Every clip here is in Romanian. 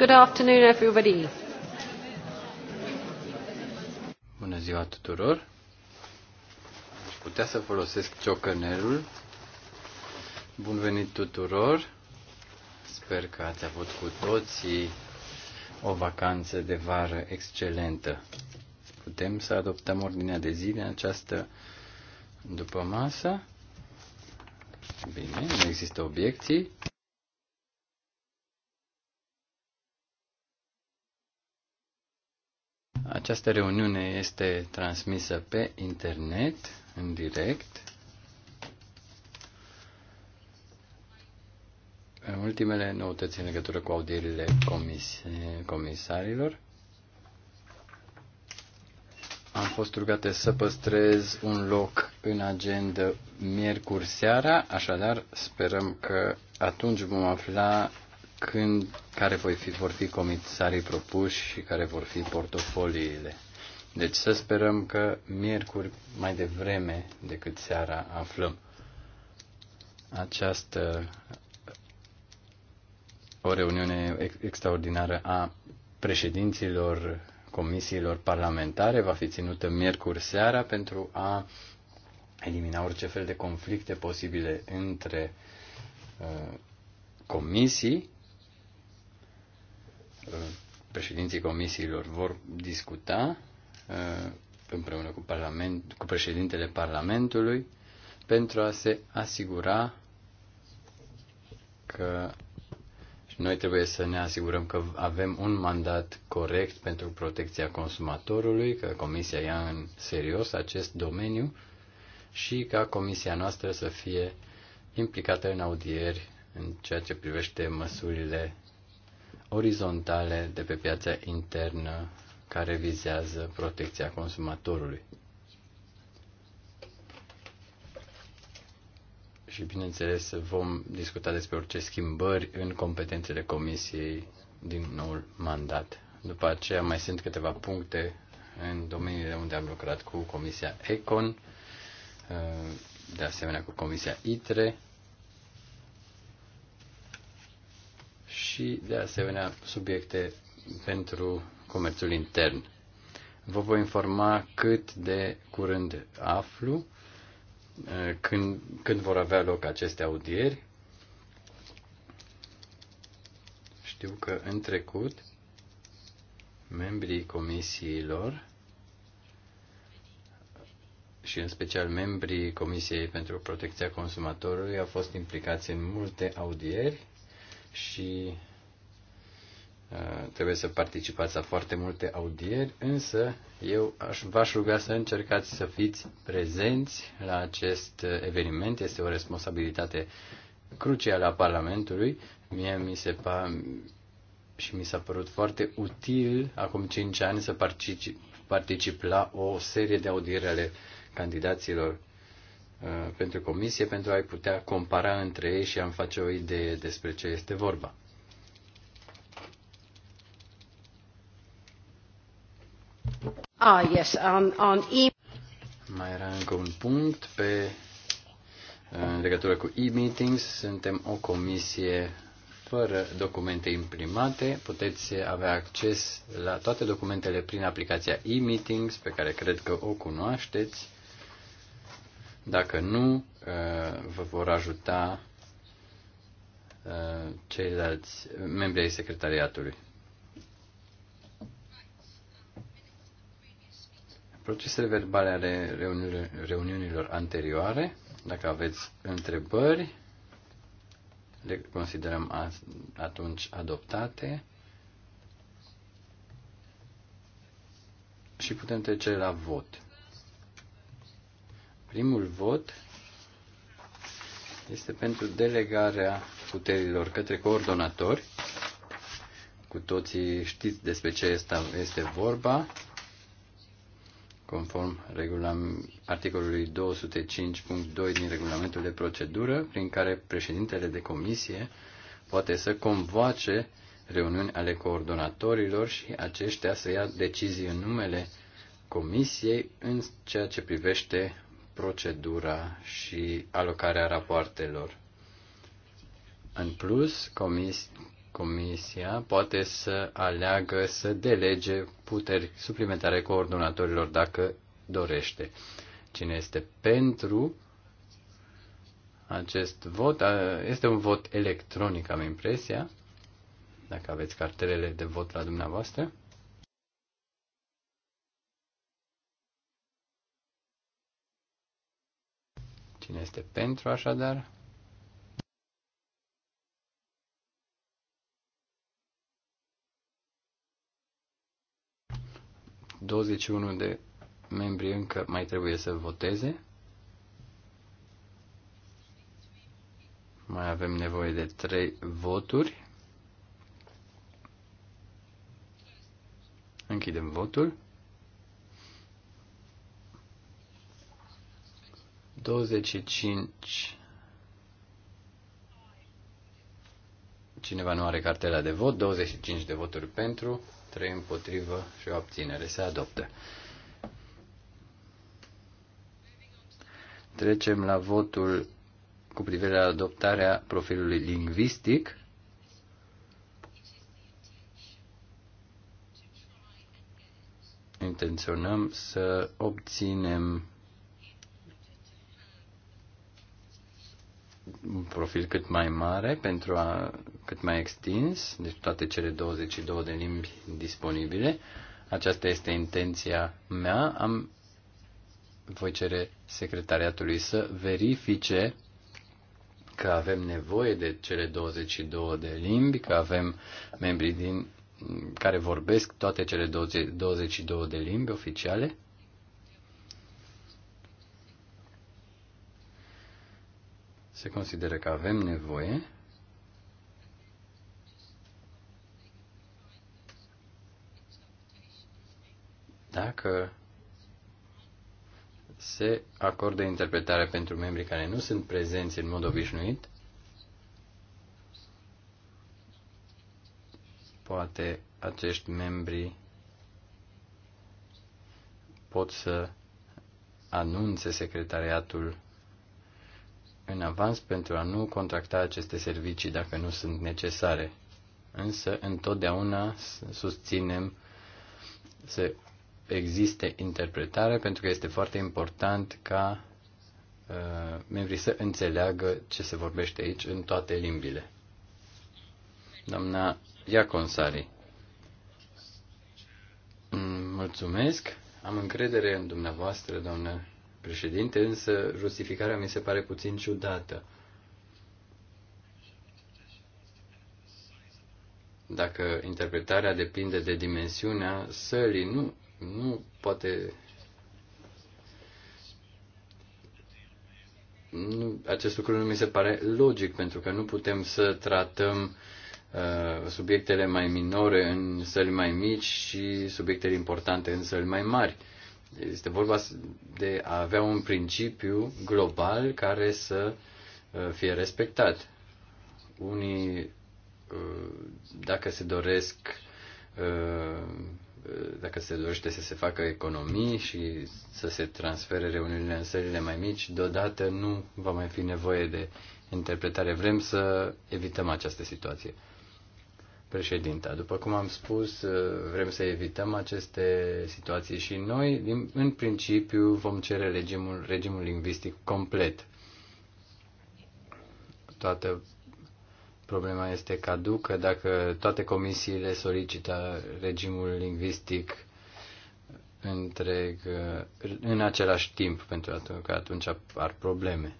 Good afternoon, everybody. Bună ziua tuturor. Aș putea să folosesc ciocănelul. Bun venit tuturor. Sper că ați avut cu toții o vacanță de vară excelentă. Putem să adoptăm ordinea de zi în această după masă. Bine, nu există obiecții. Această reuniune este transmisă pe internet, în direct. În ultimele noutăți în legătură cu audierile comis- comisarilor. Am fost rugate să păstrez un loc în agenda miercuri seara, așadar sperăm că atunci vom afla când, care voi fi, vor fi comisarii propuși și care vor fi portofoliile. Deci să sperăm că miercuri mai devreme decât seara aflăm. Această o reuniune extraordinară a președinților comisiilor parlamentare va fi ținută miercuri seara pentru a elimina orice fel de conflicte posibile între uh, comisii președinții comisiilor vor discuta uh, împreună cu, parlament, cu președintele Parlamentului pentru a se asigura că noi trebuie să ne asigurăm că avem un mandat corect pentru protecția consumatorului, că Comisia ia în serios acest domeniu și ca Comisia noastră să fie implicată în audieri în ceea ce privește măsurile orizontale de pe piața internă care vizează protecția consumatorului. Și bineînțeles vom discuta despre orice schimbări în competențele comisiei din noul mandat. După aceea mai sunt câteva puncte în domeniile unde am lucrat cu Comisia ECON, de asemenea cu Comisia ITRE, și, de asemenea, subiecte pentru comerțul intern. Vă voi informa cât de curând aflu eh, când, când vor avea loc aceste audieri. Știu că în trecut membrii comisiilor și în special membrii Comisiei pentru Protecția Consumatorului au fost implicați în multe audieri și Eh, trebuie să participați la foarte multe audieri, însă eu aș, v-aș ruga să încercați să fiți prezenți la acest eh, eveniment. Este o responsabilitate crucială a Parlamentului. Mie mi se pa, și mi s-a părut foarte util acum 5 ani să particip, particip la o serie de audiere ale candidaților eh, pentru comisie pentru a-i putea compara între ei și a-mi face o idee despre ce este vorba. Ah, yes, on, on e- Mai era încă un punct pe în legătură cu e-meetings. Suntem o comisie fără documente imprimate. Puteți avea acces la toate documentele prin aplicația e-meetings, pe care cred că o cunoașteți. Dacă nu, uh, vă vor ajuta uh, ceilalți membri ai secretariatului. Procesele verbale ale reuniunilor anterioare, dacă aveți întrebări, le considerăm atunci adoptate și putem trece la vot. Primul vot este pentru delegarea puterilor către coordonatori. Cu toții știți despre ce este vorba conform articolului 205.2 din regulamentul de procedură, prin care președintele de comisie poate să convoace reuniuni ale coordonatorilor și aceștia să ia decizii în numele comisiei în ceea ce privește procedura și alocarea rapoartelor. În plus, comis, Comisia poate să aleagă să delege puteri suplimentare coordonatorilor dacă dorește. Cine este pentru acest vot? Este un vot electronic, am impresia, dacă aveți cartelele de vot la dumneavoastră. Cine este pentru, așadar? 21 de membri încă mai trebuie să voteze. Mai avem nevoie de 3 voturi. Închidem votul. 25 Cineva nu are cartela de vot, 25 de voturi pentru, 3 împotrivă și o abținere. Se adoptă. Trecem la votul cu privire la adoptarea profilului lingvistic. Intenționăm să obținem un profil cât mai mare, pentru a, cât mai extins, deci toate cele 22 de limbi disponibile. Aceasta este intenția mea. Am, voi cere secretariatului să verifice că avem nevoie de cele 22 de limbi, că avem membrii din, care vorbesc toate cele 20, 22 de limbi oficiale se consideră că avem nevoie dacă se acordă interpretare pentru membrii care nu sunt prezenți în mod obișnuit, poate acești membri pot să anunțe secretariatul în avans pentru a nu contracta aceste servicii dacă nu sunt necesare. Însă, întotdeauna susținem să existe interpretare pentru că este foarte important ca uh, membrii să înțeleagă ce se vorbește aici în toate limbile. Doamna Iaconsari, mm, mulțumesc. Am încredere în dumneavoastră, doamnă președinte, însă justificarea mi se pare puțin ciudată. Dacă interpretarea depinde de dimensiunea sălii, nu, nu poate nu, acest lucru nu mi se pare logic, pentru că nu putem să tratăm uh, subiectele mai minore în săli mai mici și subiectele importante în săli mai mari. Uh, este vorba de a avea un principiu global care să uh, fie respectat. Unii, uh, dacă se doresc, uh, dacă se dorește să se facă economii și să se transfere reuniunile în sările mai mici, deodată nu va mai fi nevoie de interpretare. Vrem să evităm această situație. Președinta, după cum am spus, uh, vrem să evităm aceste situații și noi, în principiu, vom cere regimul, regimul lingvistic complet. Toată problema este caducă dacă toate comisiile solicită regimul lingvistic întreg uh, în același timp, pentru că atunci apar probleme.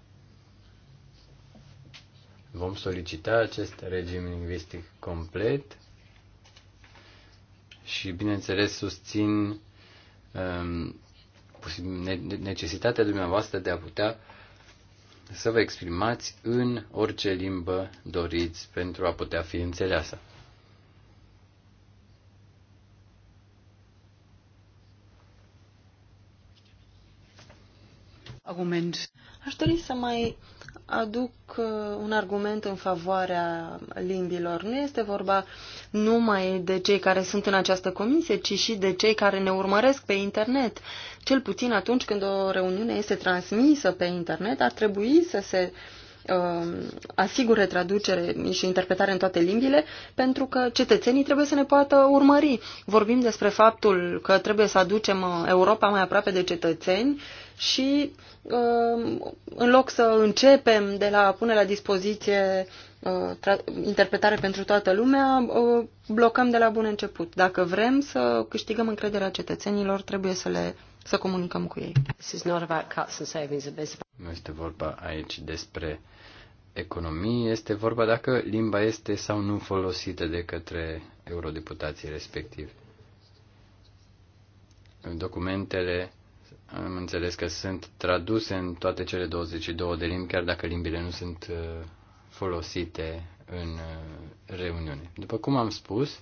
Vom solicita acest regim lingvistic complet și, bineînțeles, susțin um, necesitatea dumneavoastră de a putea să vă exprimați în orice limbă doriți pentru a putea fi înțeleasă. Argument. Aș dori să mai aduc Uh, un argument în favoarea limbilor. Nu este vorba numai de cei care sunt în această comisie, ci și de cei care ne urmăresc pe internet. Cel puțin atunci când o reuniune este transmisă pe internet, ar trebui să se uh, asigure traducere și interpretare în toate limbile, pentru că cetățenii trebuie să ne poată urmări. Vorbim despre faptul că trebuie să aducem uh, Europa mai aproape de cetățeni și um, în loc să începem de la a pune la dispoziție uh, interpretare pentru toată lumea, uh, blocăm de la bun început. Dacă vrem să câștigăm încrederea cetățenilor, trebuie să le să comunicăm cu ei. Nu este vorba aici despre economie, este vorba dacă limba este sau nu folosită de către eurodeputații respectivi. Documentele am înțeles că sunt traduse în toate cele 22 de limbi, chiar dacă limbile nu sunt uh, folosite în uh, reuniune. După cum am spus,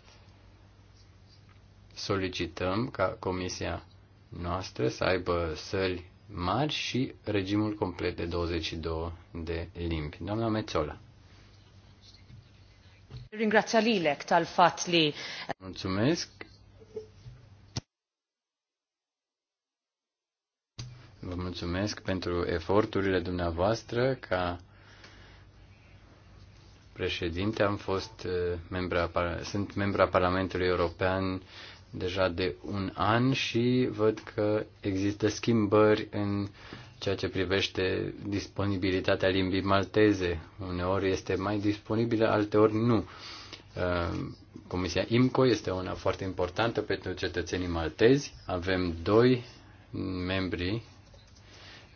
solicităm ca comisia noastră să aibă săli mari și regimul complet de 22 de limbi. Doamna Mețola. Mulțumesc Vă mulțumesc pentru eforturile dumneavoastră ca președinte. Am fost uh, membra, sunt membra Parlamentului European deja de un an și văd că există schimbări în ceea ce privește disponibilitatea limbii malteze. Uneori este mai disponibilă, alteori nu. Uh, Comisia IMCO este una foarte importantă pentru cetățenii maltezi. Avem doi membri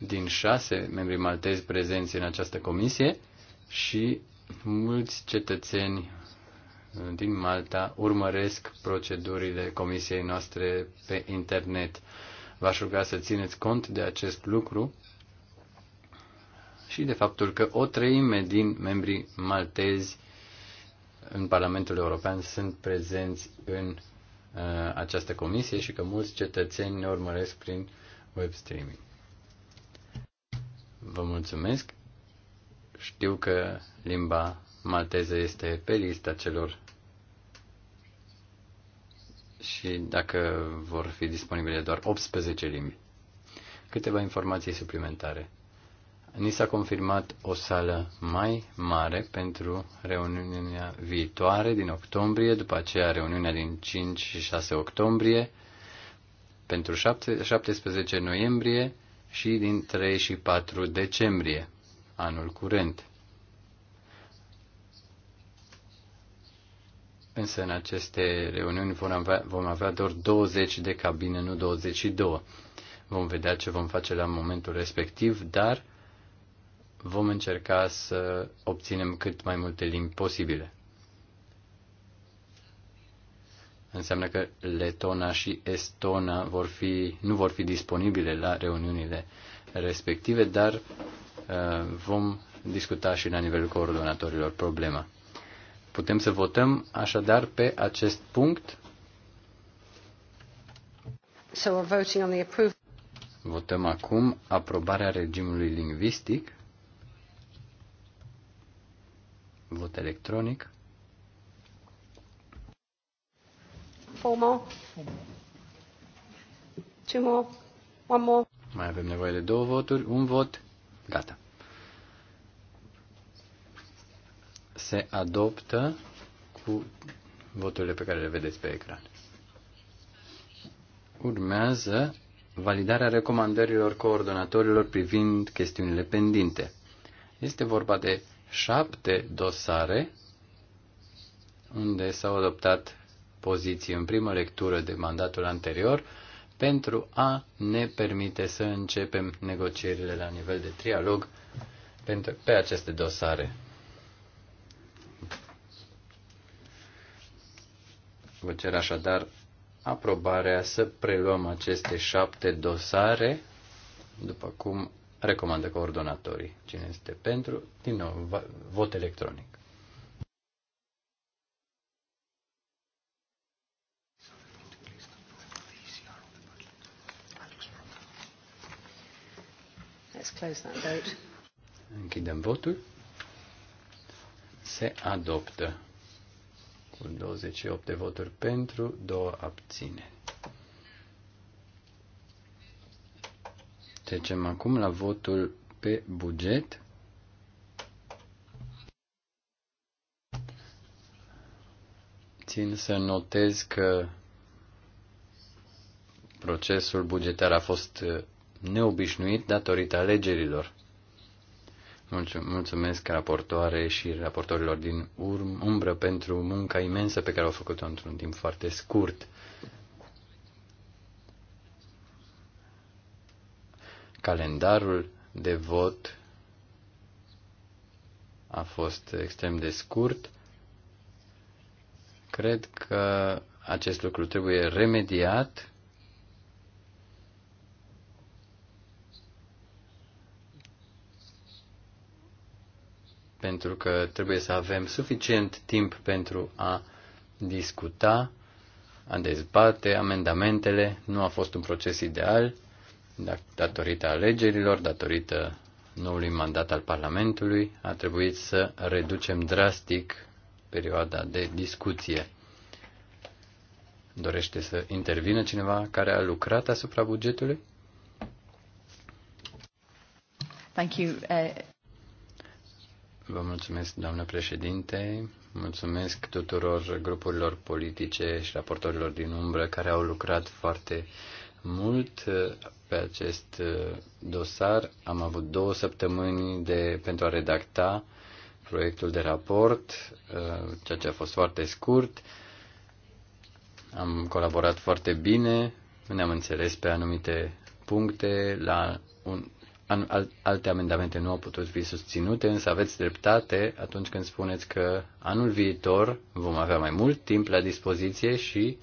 din șase membri maltezi prezenți în această comisie și mulți cetățeni din Malta urmăresc procedurile comisiei noastre pe internet. V-aș ruga să țineți cont de acest lucru și de faptul că o treime din membrii maltezi în Parlamentul European sunt prezenți în uh, această comisie și că mulți cetățeni ne urmăresc prin web streaming. Vă mulțumesc. Știu că limba malteză este pe lista celor și dacă vor fi disponibile doar 18 limbi. Câteva informații suplimentare. Ni s-a confirmat o sală mai mare pentru reuniunea viitoare din octombrie, după aceea reuniunea din 5 și 6 octombrie, pentru 7, 17 noiembrie și din 3 și 4 decembrie, anul curent. Însă în aceste reuniuni vom avea, vom avea doar 20 de cabine, nu 22. Vom vedea ce vom face la momentul respectiv, dar vom încerca să obținem cât mai multe limbi posibile. înseamnă că letona și estona vor fi, nu vor fi disponibile la reuniunile respective, dar uh, vom discuta și la nivelul coordonatorilor problema. Putem să votăm așadar pe acest punct. So we're voting on the approval. Votăm acum aprobarea regimului lingvistic. Vot electronic. Four more? Two Mai avem nevoie de două voturi, un vot, gata. Se adoptă cu voturile pe care le vedeți pe ecran. Urmează validarea recomandărilor coordonatorilor privind chestiunile pendinte. Este vorba de șapte dosare unde s-au adoptat poziții în primă lectură de mandatul anterior pentru a ne permite să începem negocierile la nivel de trialog pe aceste dosare. Vă cer așadar aprobarea să preluăm aceste șapte dosare, după cum recomandă coordonatorii. Cine este pentru? Din nou, vot electronic. Close that vote. Închidem votul. Se adoptă cu 28 de voturi pentru, două abține. Trecem acum la votul pe buget. Țin să notez că procesul bugetar a fost neobișnuit datorită alegerilor. Mulțumesc raportoare și raportorilor din umbră pentru munca imensă pe care au făcut-o într-un timp foarte scurt. Calendarul de vot a fost extrem de scurt. Cred că acest lucru trebuie remediat pentru că trebuie să avem suficient timp pentru a discuta, a dezbate amendamentele. Nu a fost un proces ideal datorită alegerilor, datorită noului mandat al Parlamentului, a trebuit să reducem drastic perioada de discuție. Dorește să intervină cineva care a lucrat asupra bugetului? Thank you. Uh... Vă mulțumesc, doamnă președinte. Mulțumesc tuturor grupurilor politice și raportorilor din umbră care au lucrat foarte mult pe acest dosar. Am avut două săptămâni de, pentru a redacta proiectul de raport, ceea ce a fost foarte scurt. Am colaborat foarte bine, ne-am înțeles pe anumite puncte. La un, alte amendamente nu au putut fi susținute, însă aveți dreptate atunci când spuneți că anul viitor vom avea mai mult timp la dispoziție și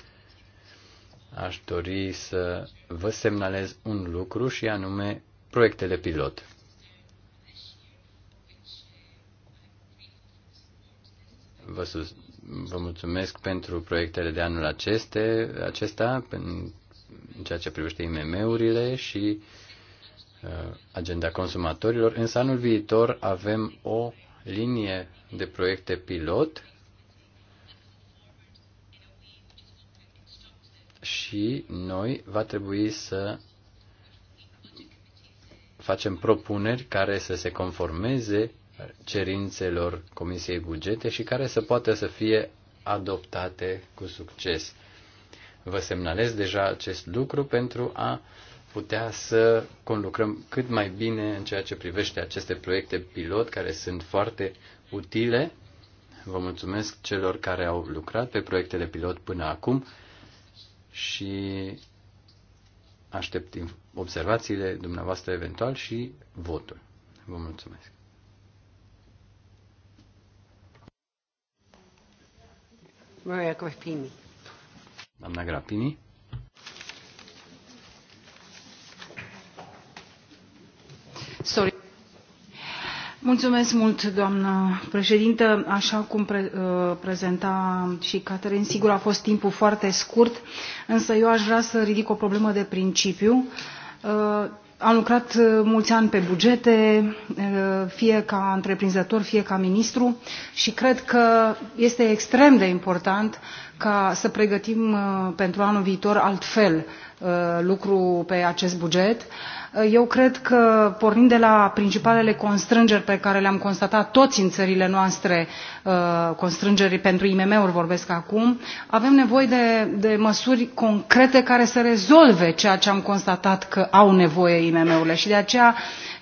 aș dori să vă semnalez un lucru și anume proiectele pilot. Vă, sus- vă mulțumesc pentru proiectele de anul aceste, acesta, în ceea ce privește IMM-urile și uh, Uh, agenda consumatorilor, însă anul viitor avem o linie de proiecte pilot și noi va trebui să facem propuneri care să se conformeze cerințelor Comisiei Bugete și care să poată să fie adoptate cu succes. Vă semnalez deja acest lucru pentru a uh, putea să conlucrăm cât mai bine în ceea ce privește aceste proiecte pilot care sunt foarte utile. Vă mulțumesc celor care au lucrat pe proiectele pilot până acum și aștept observațiile dumneavoastră eventual și votul. Vă mulțumesc. Maria Grappini. Doamna Grappini. Mult, doamnă președintă așa cum uh, prezenta și catherine sigur a fost timpul foarte scurt însă eu aș vrea să ridic o problemă de principiu. Uh, am lucrat uh, mulți ani pe bugete fie ca întreprinzător fie ca ministru și cred că este extrem de important ca ca să pregătim uh, pentru anul viitor altfel uh, lucru pe acest buget. Uh, eu cred că, pornind de la principalele constrângeri pe care le-am constatat toți în țările noastre, constrângeri pentru IMM-uri vorbesc acum, avem nevoie de, de măsuri concrete care să rezolve ceea ce am constatat că au nevoie IMM-urile și de aceea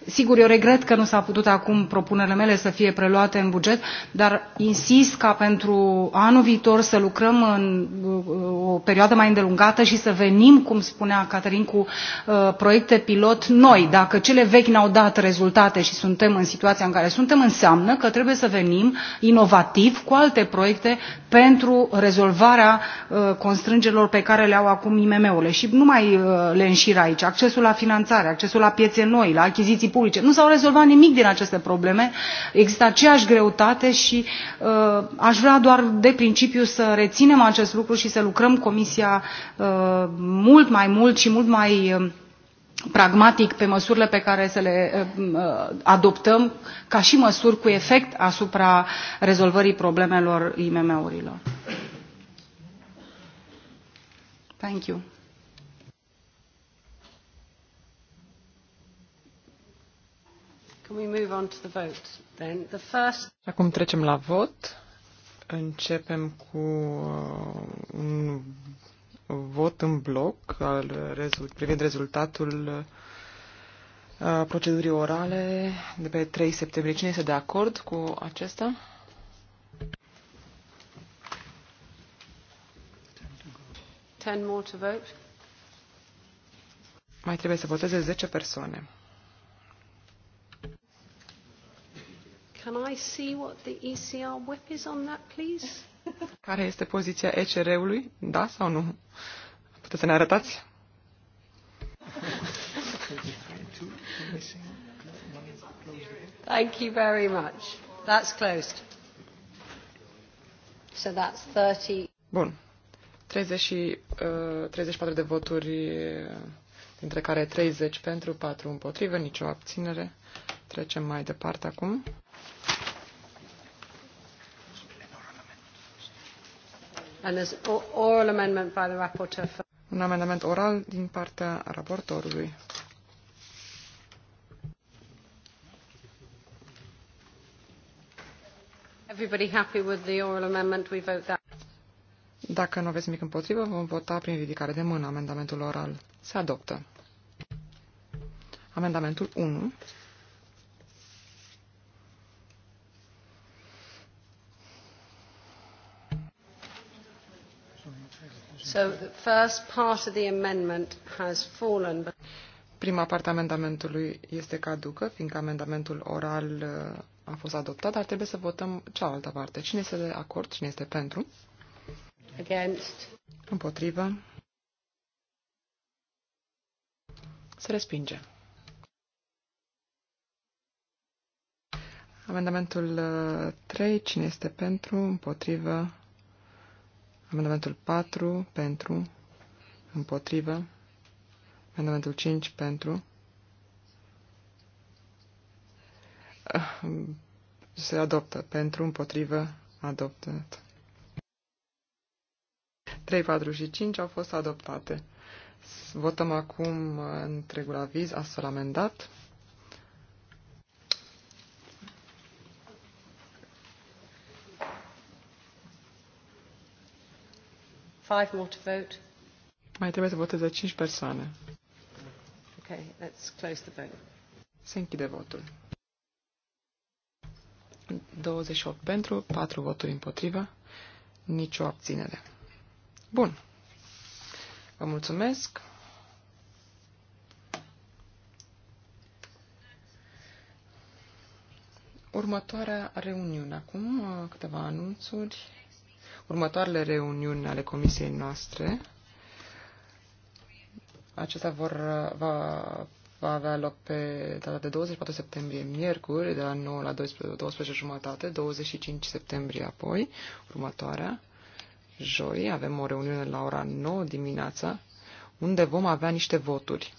sigur eu regret că nu s au putut acum propunerile mele să fie preluate în buget dar insist ca pentru anul viitor să lucrăm în uh, o perioadă mai îndelungată și să venim cum spunea catherine cu uh, proiecte pilot noi. dacă cele vechi nu au dat rezultate și suntem în situația în care suntem înseamnă că trebuie să venim inovativ cu alte proiecte pentru rezolvarea uh, constrângerilor pe care le au acum imm urile și nu mai le înșir aici accesul la finanțare accesul la piețe noi la achiziții publice. nu s a rezolvat nimic din aceste probleme există aceeași greutate și uh, aș vrea doar de principiu să reținem acest lucru și să lucrăm comisia uh, mult mai mult și mult mai uh, pragmatic pe măsurile pe care să le uh, uh, adoptăm ca și măsuri cu efect asupra rezolvării problemelor imm urilor. Thank you. Acum trecem la vot. Începem cu uh, un vot în bloc al rezult, privind rezultatul uh, procedurii orale de pe 3 septembrie. Cine este de acord cu acesta? Ten more to vote. Mai trebuie să voteze 10 persoane. Can I see what the ECR whip is on that, please? Care este poziția ECR-ului? Da sau nu? Puteți să ne arătați? Thank you very much. That's closed. So that's 30. Bun. 30 și, uh, 34 de voturi, dintre care 30 pentru, 4 împotrivă, nicio abținere. Trecem mai departe acum. Un amendament oral din partea raportorului. Everybody happy with the oral amendment? We vote that. Dacă nu aveți nimic împotrivă, vom vota prin ridicare de mână amendamentul oral. Se adoptă. Amendamentul 1. So the first part of the amendment has fallen. Prima parte a amendamentului este caducă, fiindcă amendamentul oral uh, a fost adoptat, dar trebuie să votăm cealaltă parte. Cine este de acord? Cine este pentru? Against. Împotrivă. Se respinge. Amendamentul 3. Uh, cine este pentru? Împotrivă? Amendamentul 4 pentru, împotrivă. Amendamentul 5 pentru. Ah, se adoptă. Pentru, împotrivă, adoptă. 3, 4 și 5 au fost adoptate. Votăm acum întregul aviz astfel amendat. Five more to vote. Mai trebuie să voteze 5 persoane. Okay, let's close the vote. Se închide votul. 28 pentru, 4 voturi împotriva, nicio abținere. Bun. Vă mulțumesc. Următoarea reuniune. Acum câteva anunțuri următoarele reuniuni ale comisiei noastre. Acestea vor, va, va avea loc pe data de 24 septembrie, miercuri, de la 9 la 12, 12 jumătate, 25 septembrie apoi, următoarea, joi, avem o reuniune la ora 9 dimineața, unde vom avea niște voturi.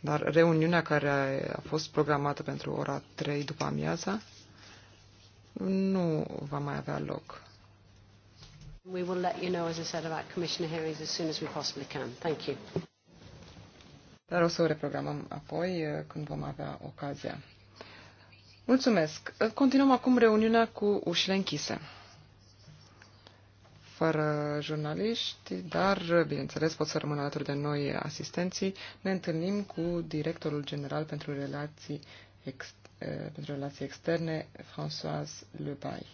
Dar reuniunea care a fost programată pentru ora 3 după amiaza nu va mai avea loc. We will let you know, as I said, about commissioner hearings as soon as we possibly can. Thank you. Dar o să o reprogramăm apoi uh, când vom avea ocazia. Mulțumesc. Uh, continuăm acum reuniunea cu ușile închise. Fără jurnaliști, dar, uh, bineînțeles, pot să rămână alături de noi asistenții. Ne întâlnim cu directorul general pentru relații, ex, pentru relații externe, François Lebay.